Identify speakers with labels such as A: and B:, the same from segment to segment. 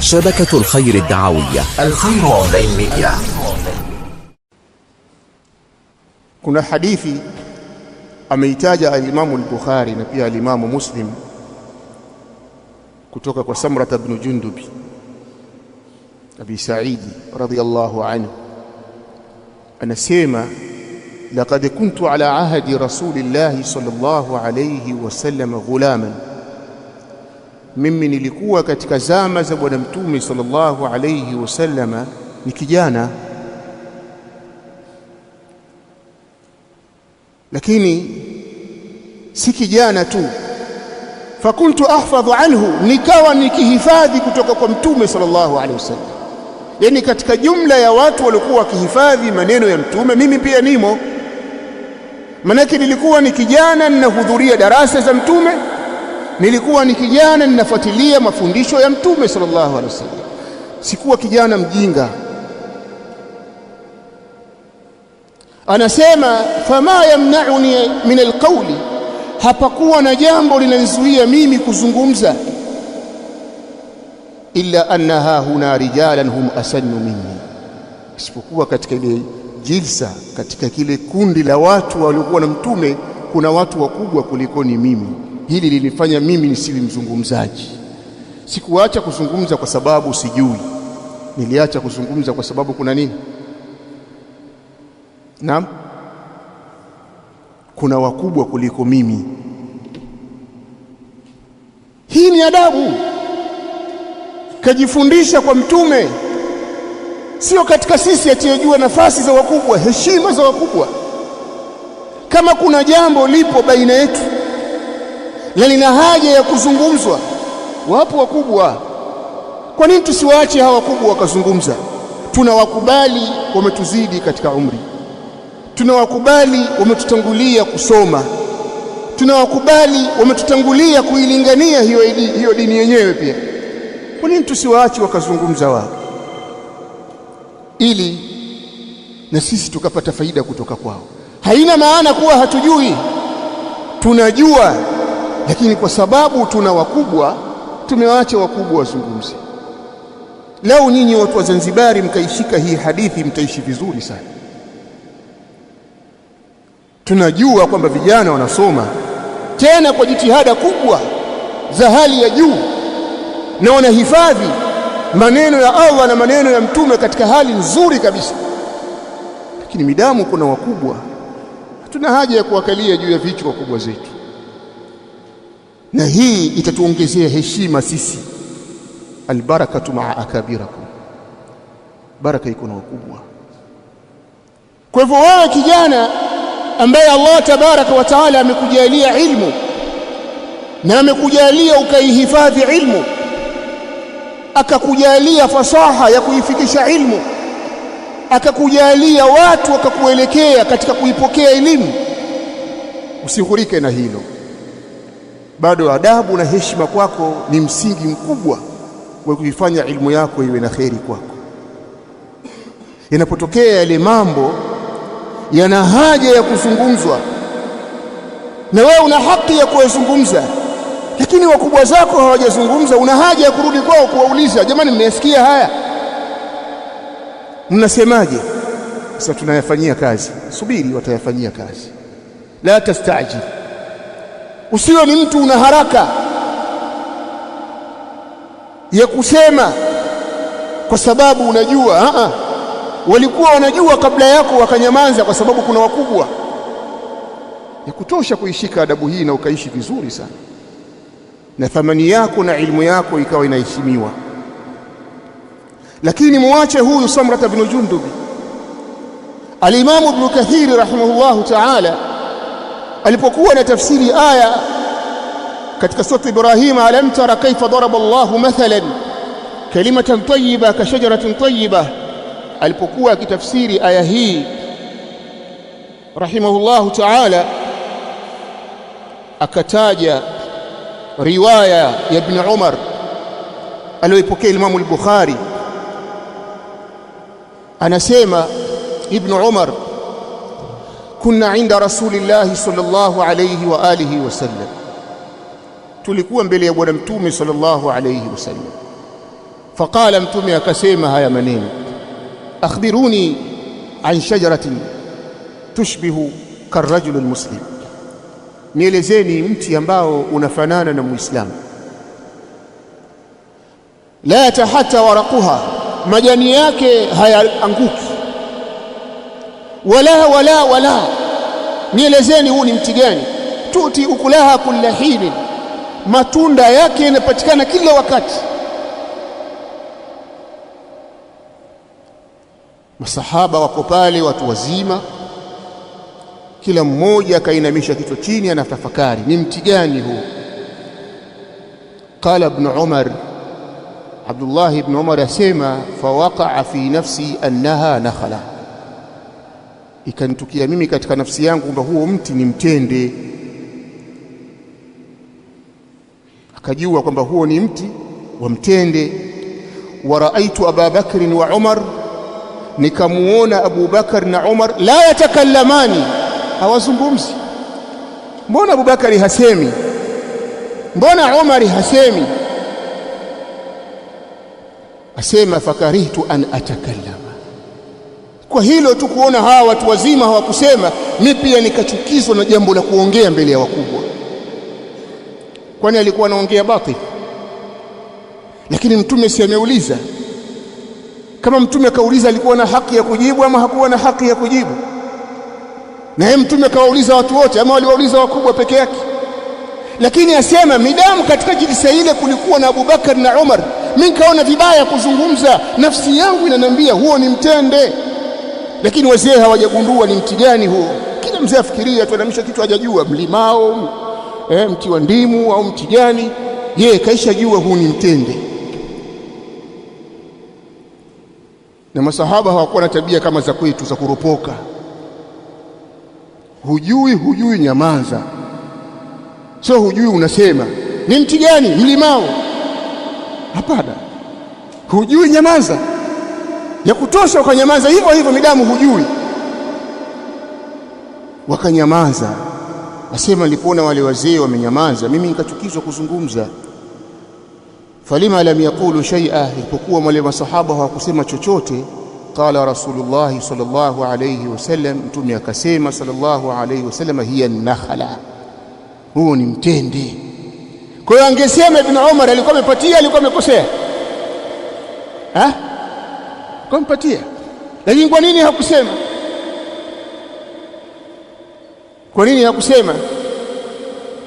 A: شبكة الخير الدعوية الخير أونلاين ميديا
B: كنا حديثي أميتاج الإمام البخاري نبي الإمام مسلم كتوكا سمرة بن جندبي أبي سعيد رضي الله عنه أنا سيما لقد كنت على عهد رسول الله صلى الله عليه وسلم غلاماً mimi nilikuwa katika zama za Bwana Mtume sallallahu alayhi wasallama ni kijana, lakini si kijana tu. Fakuntu ahfadhu anhu, nikawa nikihifadhi kutoka kwa Mtume sallallahu alayhi wasallam. Yani katika jumla ya watu waliokuwa wakihifadhi maneno ya Mtume mimi pia nimo, manake nilikuwa ni kijana ninahudhuria darasa za Mtume nilikuwa ni kijana ninafuatilia mafundisho ya Mtume sallallahu alaihi wasallam, sikuwa kijana mjinga. Anasema fama yamnauni min alqauli, hapakuwa na jambo linanizuia mimi kuzungumza, illa anna hahuna rijalan hum asannu minni, isipokuwa katika ile jilsa, katika kile kundi la watu waliokuwa na Mtume kuna watu wakubwa kulikoni mimi hili lilifanya mimi nisiwi mzungumzaji. Sikuacha kuzungumza kwa sababu sijui, niliacha kuzungumza kwa sababu kuna nini? Naam, kuna wakubwa kuliko mimi. Hii ni adabu, kajifundisha kwa Mtume, sio katika sisi atiyejua nafasi za wakubwa, heshima za wakubwa. Kama kuna jambo lipo baina yetu na lina haja ya kuzungumzwa. Wapo wakubwa, kwa nini tusiwaache hawa wakubwa wakazungumza? Tunawakubali wametuzidi katika umri, tunawakubali wametutangulia kusoma, tunawakubali wametutangulia kuilingania hiyo, hiyo dini yenyewe pia. Kwa nini tusiwaache wakazungumza wao, ili na sisi tukapata faida kutoka kwao? Haina maana kuwa hatujui, tunajua lakini kwa sababu tuna wakubwa, tumewaacha wakubwa wazungumze. Lau nyinyi watu wa Zanzibari mkaishika hii hadithi, mtaishi vizuri sana. Tunajua kwamba vijana wanasoma tena kwa jitihada kubwa za hali ya juu, na wanahifadhi maneno ya Allah na maneno ya Mtume katika hali nzuri kabisa, lakini midamu kuna wakubwa, hatuna haja ya kuwakalia juu ya vichwa kubwa zetu na hii itatuongezea heshima sisi. Albarakatu maa akabirakum, baraka iko na wakubwa. Kwa hivyo wewe kijana ambaye Allah tabaraka wa taala amekujalia ilmu na amekujalia ukaihifadhi ilmu, akakujalia fasaha ya kuifikisha ilmu, akakujalia watu wakakuelekea katika kuipokea elimu, usihurike na hilo bado adabu na heshima kwako ni msingi mkubwa wa kuifanya ilmu yako iwe na kheri kwako. Yanapotokea yale mambo yana haja ya kuzungumzwa, na wewe una haki ya kuyazungumza, lakini wakubwa zako hawajazungumza, una haja ya kurudi kwao kuwauliza, jamani, mmeyasikia haya, mnasemaje? Sasa tunayafanyia kazi. Subiri, watayafanyia kazi, la tastajil Usiwe ni mtu una haraka ya kusema, kwa sababu unajua aa, walikuwa wanajua kabla yako wakanyamaza, kwa sababu kuna wakubwa ya kutosha kuishika adabu hii na ukaishi vizuri sana, na thamani yako na ilmu yako ikawa inaheshimiwa. Lakini muache huyu Samrata bnu Jundubi. Alimamu Ibn Kathiri rahimahullahu taala alipokuwa na tafsiri aya katika surati Ibrahim alam tara kaifa daraba Allahu mathalan kalimatan tayyiba ka shajaratin tayyiba, alipokuwa akitafsiri aya hii rahimahullahu ta'ala, akataja riwaya ya Ibn Umar aliyopokea Imam al-Bukhari, anasema Ibn Umar kunna inda rasulillahi sallallahu alayhi wa alihi wasallam, tulikuwa mbele ya bwana mtume sallallahu alayhi wasallam. Faqala, mtume akasema haya maneno, akhbiruni an shajaratin tushbihu karrajuli lmuslim, nielezeni mti ambao unafanana na Muislamu. La tahata waraquha, majani yake hayaanguki wala wala wala, nielezeni huu ni mti gani? Tuti ukulaha kulla hinin, matunda yake yanapatikana kila wakati. Masahaba wako pale, watu wazima, kila mmoja akainamisha kichwa chini, anatafakari ni mti gani huu. Qala Ibnu Umar, Abdullahi Ibnu Umar asema, fawaqaa fi nafsi annaha nakhla ikanitukia mimi katika nafsi yangu kwamba huo mti ni mtende. Akajua kwamba huo ni mti wa mtende. wa raaitu aba bakrin wa umar, nikamuona Abu Bakar na Umar la yatakalamani, hawazungumzi. Mbona Abu Bakari hasemi? Mbona Umari hasemi? Asema fakarihtu an atakallama kwa hilo tu kuona hawa watu wazima hawakusema, mi pia nikachukizwa na jambo la kuongea mbele ya wakubwa. Kwani alikuwa anaongea batili? Lakini mtume si ameuliza? Kama mtume akauliza, alikuwa na haki ya kujibu ama hakuwa na haki ya kujibu? Na yeye mtume akawauliza watu wote ama waliwauliza wakubwa peke yake? Lakini asema midamu katika jilisa ile kulikuwa na Abubakar na Umar, mi nikaona vibaya kuzungumza, nafsi yangu inaniambia huo ni mtende lakini wazee hawajagundua ni mti gani huo. Kila mzee afikiria tuanamisha kitu hajajua, mlimao eh, mti wa ndimu au mti gani? Yeye kaisha jua huu ni mtende. Na masahaba hawakuwa na tabia kama za kwetu za kuropoka, hujui hujui, nyamaza. Sio hujui unasema ni mti gani, mlimao? Hapana, hujui, nyamaza ya kutosha, wakanyamaza hivyo hivyo, midamu hujui, wakanyamaza. Nasema nilipoona wale wazee wamenyamaza, mimi nikachukizwa kuzungumza. Falima lam yaqulu shay'a, ilipokuwa wale masahaba hawakusema chochote. Qala Rasulullahi sallallahu alayhi wasallam, Mtume akasema sallallahu alayhi wasallam, hiya nakhala huo ni mtende. Kwa hiyo angesema Ibn Umar alikuwa amepatia, alikuwa amekosea ha? kampatia, lakini kwa nini hakusema? Kwa nini hakusema?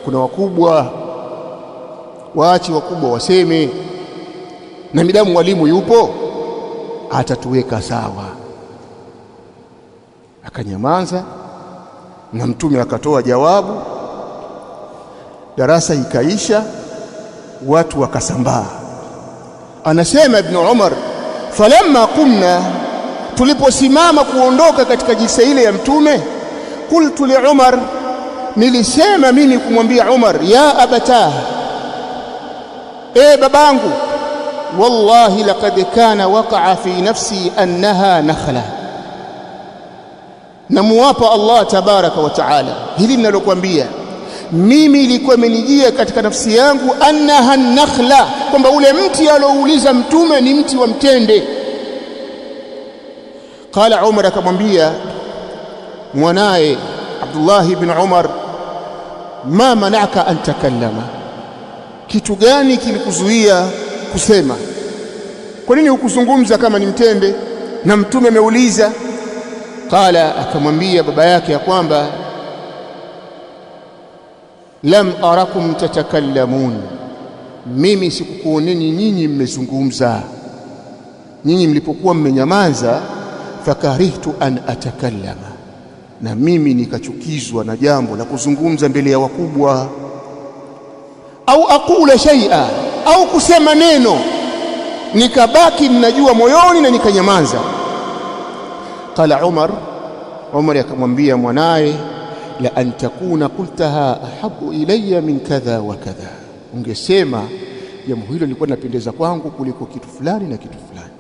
B: Kuna wakubwa, waache wakubwa waseme, na midamu mwalimu yupo atatuweka sawa. Akanyamaza na Mtume akatoa jawabu, darasa ikaisha, watu wakasambaa. Anasema Ibn Umar falamma qumna, tuliposimama kuondoka katika jisa ile ya Mtume, qultu li Umar, nilisema mimi kumwambia Umar, ya abata, e babangu, wallahi laqad kana waqa'a fi nafsi annaha nakhla. Namuwapa Allah tabaraka wa taala hili ninalokuambia mimi ilikuwa imenijia katika nafsi yangu annaha nakhla, kwamba ule mti alouliza mtume ni mti wa mtende. Qala Umar, akamwambia mwanaye Abdullahi ibn Umar, ma manaka an takallama, kitu gani kilikuzuia kusema? Kwa nini hukuzungumza kama ni mtende na mtume ameuliza? Qala, akamwambia baba yake ya kwamba lam arakum tatakallamun, mimi sikukuoneni nyinyi mmezungumza. Nyinyi mlipokuwa mmenyamaza, fakarihtu an atakallama, na mimi nikachukizwa na jambo la kuzungumza mbele ya wakubwa, au aqula shay'a, au kusema neno, nikabaki ninajua moyoni na nikanyamaza. Qala Umar, Umar akamwambia mwanaye la an takuna qultaha ahabu ilayya min kadha wa kadha, ungesema jambo hilo lilikuwa linapendeza kwangu kuliko kitu fulani na kitu fulani.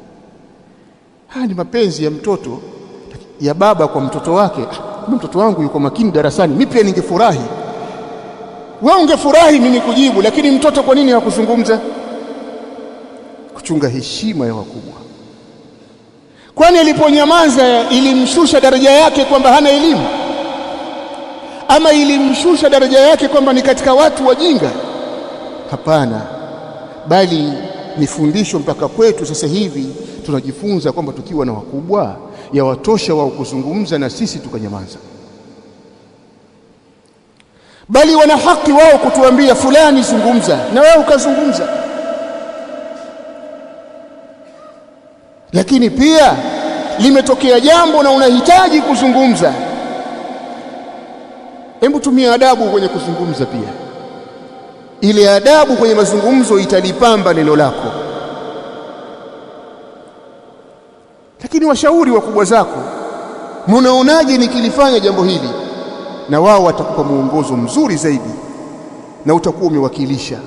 B: Haya ni mapenzi ya mtoto ya baba kwa mtoto wake. Ah, mtoto wangu yuko makini darasani, mimi pia ningefurahi. Wewe ungefurahi mimi kujibu, lakini mtoto kwa nini hakuzungumza? Kuchunga heshima ya wakubwa, kwani aliponyamaza ilimshusha daraja yake kwamba hana elimu? ama ilimshusha daraja yake kwamba ni katika watu wajinga? Hapana, bali ni fundisho mpaka kwetu sasa hivi. Tunajifunza kwamba tukiwa na wakubwa ya watosha wao kuzungumza na sisi tukanyamaza, bali wana haki wao kutuambia fulani, zungumza, na wewe ukazungumza. Lakini pia limetokea jambo na unahitaji kuzungumza Hebu tumia adabu kwenye kuzungumza pia. Ile adabu kwenye mazungumzo italipamba neno lako. Lakini washauri wakubwa zako, munaonaje nikilifanya jambo hili? Na wao watakupa mwongozo mzuri zaidi, na utakuwa umewakilisha,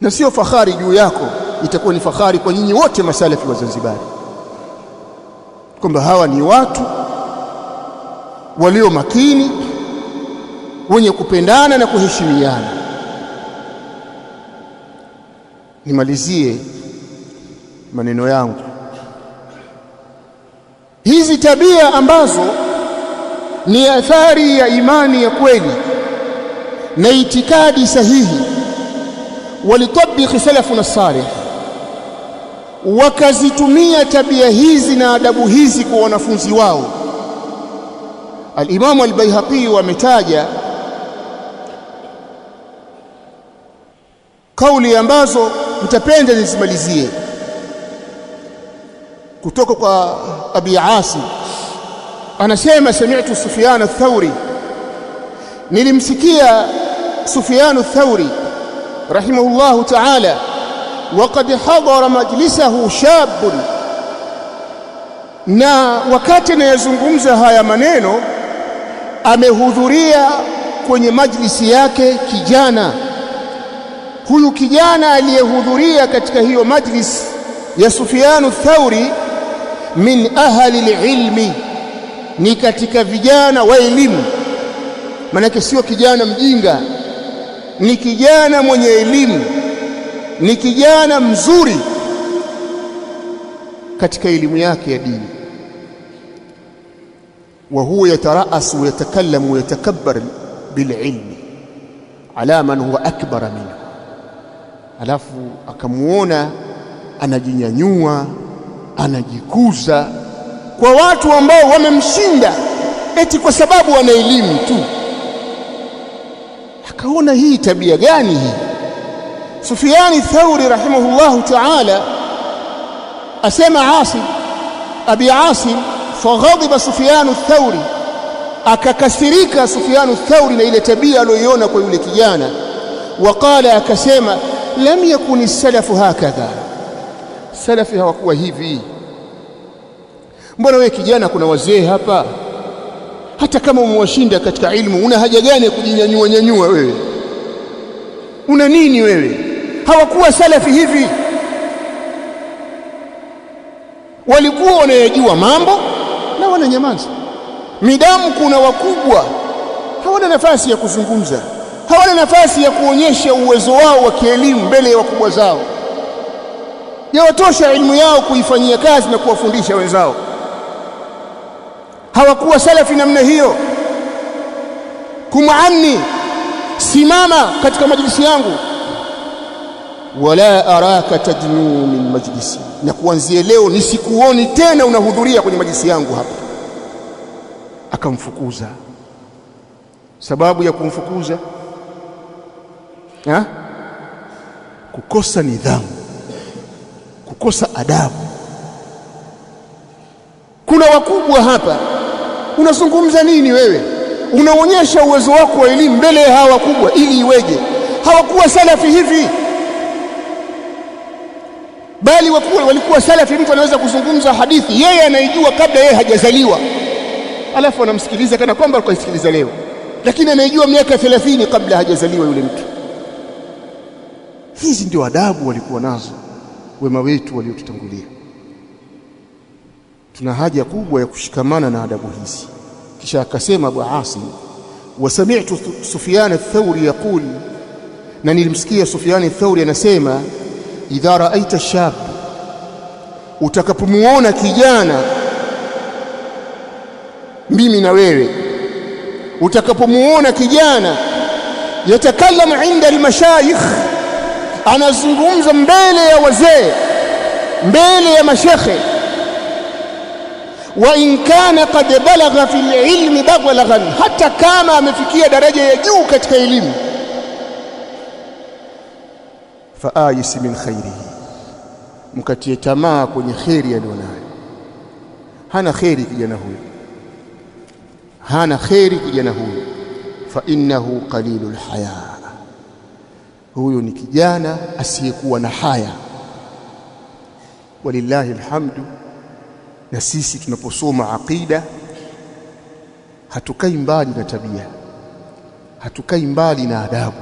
B: na sio fahari juu yako, itakuwa ni fahari kwa nyinyi wote masalafi wa Zanzibari, kwamba hawa ni watu walio makini, wenye kupendana na kuheshimiana. Nimalizie maneno yangu, hizi tabia ambazo ni athari ya imani ya kweli na itikadi sahihi, walitabiki na salih, wakazitumia tabia hizi na adabu hizi kwa wanafunzi wao. Alimamu Albaihaqi wametaja kauli ambazo nitapenda nisimalizie kutoka kwa Abi Asim anasema, sami'tu Sufyan ath nilimsikia Sufyan ath-Thauri rahimahullahu ta'ala, waqad hadhara majlisahu shabun, na wakati anayezungumza haya maneno amehudhuria kwenye majlisi yake kijana huyu. Kijana aliyehudhuria katika hiyo majlis ya Sufyanu Thauri, min ahli lilmi, ni katika vijana wa elimu. Maanake sio kijana mjinga, ni kijana mwenye elimu, ni kijana mzuri katika elimu yake ya dini wa huwa yataraasu yatakallamu yatakabbar bililmi ala man huwa akbar minhu, alafu akamwona anajinyanyua anajikuza kwa watu ambao wamemshinda, eti kwa sababu wana elimu tu. Akaona hii tabia gani hii? sufiani Thauri rahimahullahu taala asema Asim, Abi Asim faghadhiba Sufyanu Thauri, akakasirika Sufyanu Thauri na ile tabia aliyoiona kwa yule kijana. Waqala, akasema lam yakuni salafu hakadha, salafi hawakuwa hivi. Mbona wewe kijana, kuna wazee hapa, hata kama umewashinda katika ilmu, una haja gani ya kujinyanyua nyanyua wewe? Una nini wewe? Hawakuwa salafi hivi, walikuwa wanayajua mambo hawana nyamaza. Midamu kuna wakubwa hawana nafasi ya kuzungumza, hawana nafasi ya kuonyesha uwezo wao wa kielimu mbele ya wakubwa zao. Yawatosha elimu yao kuifanyia kazi na kuwafundisha wenzao. Hawakuwa salafi namna hiyo. Kumuamni, simama katika majlisi yangu, wala araka tajnu min majlisi, na kuanzia leo nisikuoni tena unahudhuria kwenye majlisi yangu hapa akamfukuza. Sababu ya kumfukuza ha? kukosa nidhamu, kukosa adabu. Kuna wakubwa hapa, unazungumza nini wewe? Unaonyesha uwezo wako wa elimu mbele ya hawa wakubwa, ili iweje? Hawakuwa salafi hivi bali wakuwa, walikuwa salafi. Mtu anaweza kuzungumza hadithi yeye anaijua kabla yeye hajazaliwa alafu anamsikiliza kana kwamba anasikiliza leo, lakini anaijua miaka 30 kabla hajazaliwa yule mtu. Hizi ndio adabu walikuwa nazo wema wetu waliotutangulia. Tuna haja kubwa ya kushikamana na adabu hizi. Kisha akasema Abu Asim, wa sami'tu Sufyan ath-Thawri yaqul, na nilimsikia Sufyan ath-Thawri anasema idha ra'aita shab, utakapomuona kijana mimi na wewe. Utakapomuona kijana yatakalamu inda almashayikh, anazungumza mbele ya wazee, mbele ya mashekhe, wa in kana qad balagha fi lilmi balaghan, hata kama amefikia daraja ya juu katika elimu faayisi min khairihi, mkatie tamaa kwenye kheri aliyonayo. Hana kheri kijana huyo hana kheri kijana huyu, fa innahu qalilul haya, huyu ni kijana asiyekuwa na haya. Walillahi alhamdu. Na sisi tunaposoma aqida hatukai mbali na tabia, hatukai mbali na adabu,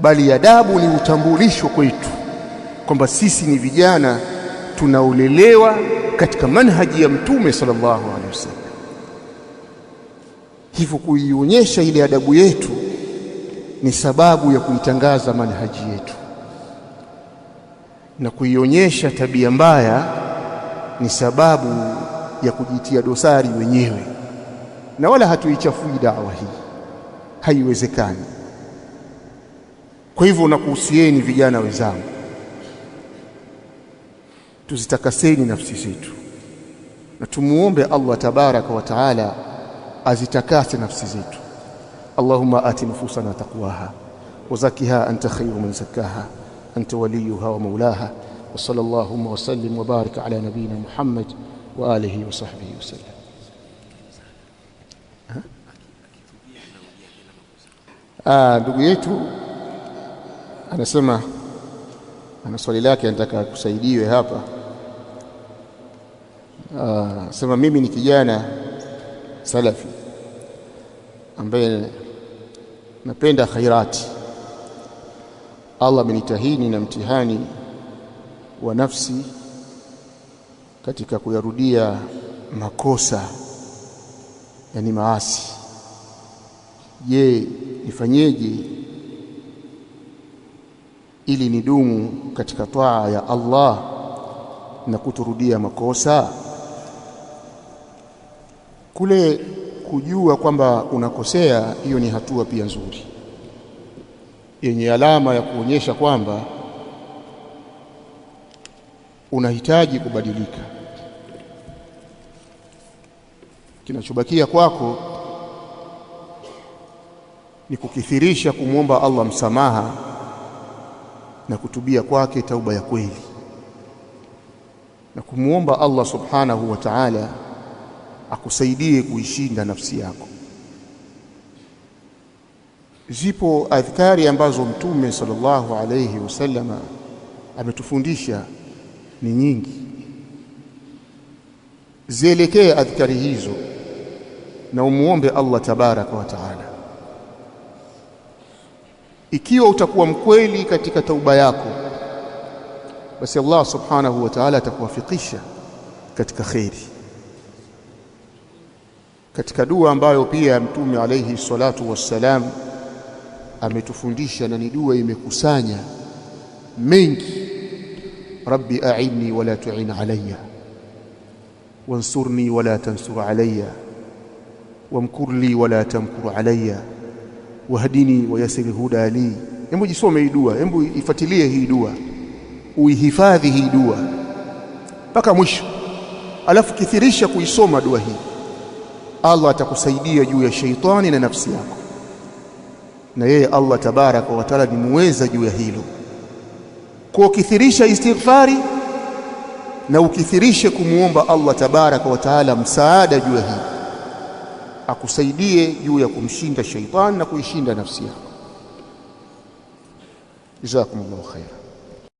B: bali adabu ni utambulisho kwetu kwamba sisi ni vijana tunaolelewa katika manhaji ya Mtume sallallahu alaihi wasallam. Hivyo kuionyesha ile adabu yetu ni sababu ya kuitangaza manhaji yetu, na kuionyesha tabia mbaya ni sababu ya kujitia dosari wenyewe, na wala hatuichafui dawa hii, haiwezekani. Kwa hivyo nakuhusieni vijana wenzangu, tuzitakaseni nafsi zetu na tumuombe Allah tabaraka wa taala azitakase nafsi zetu allahumma ati nufusana taqwaha wazakiha anta khairu man zakkaha anta waliyuha wa maulaha wa sallallahu wa sallim wa barik ala nabina muhammad wa alihi wa sahbihi wa sallam ndugu yetu anasema ana swali lake anataka kusaidiwe hapa. Aa, sema mimi ni kijana salafi ambaye napenda khairati. Allah amenitahini na mtihani wa nafsi katika kuyarudia makosa, yani maasi. Je, nifanyeje ili nidumu katika taa ya Allah na kuturudia makosa? Kule kujua kwamba unakosea, hiyo ni hatua pia nzuri yenye alama ya kuonyesha kwamba unahitaji kubadilika. Kinachobakia kwako ni kukithirisha kumwomba Allah msamaha na kutubia kwake tauba ya kweli na kumwomba Allah subhanahu wa ta'ala akusaidie kuishinda nafsi yako. Zipo adhkari ambazo Mtume sallallahu alayhi wasallam ametufundisha ni nyingi, zielekee adhkari hizo na umuombe Allah tabaraka wa taala. Ikiwa utakuwa mkweli katika tauba yako, basi Allah subhanahu wa taala atakuwafikisha katika kheri. Katika dua ambayo pia Mtume alaihi salatu wassalam ametufundisha na ni dua imekusanya mengi, rabbi a'inni wala tu'in alayya wansurni wala tansur alayya li wala tamkur alayya wahdini wayasiri huda li. Hebu jisome hii dua, hebu ifuatilie hii dua, uihifadhi hii dua mpaka mwisho, alafu kithirisha kuisoma dua hii. Allah atakusaidia juu ya sheitani na nafsi yako, na yeye Allah tabaraka wa taala ni muweza juu ya hilo. Kwa ukithirisha istighfari na ukithirishe kumwomba Allah tabaraka wa taala msaada juu ya hilo, akusaidie juu ya kumshinda sheitani na kuishinda nafsi yako. Jazakumullahu khaira.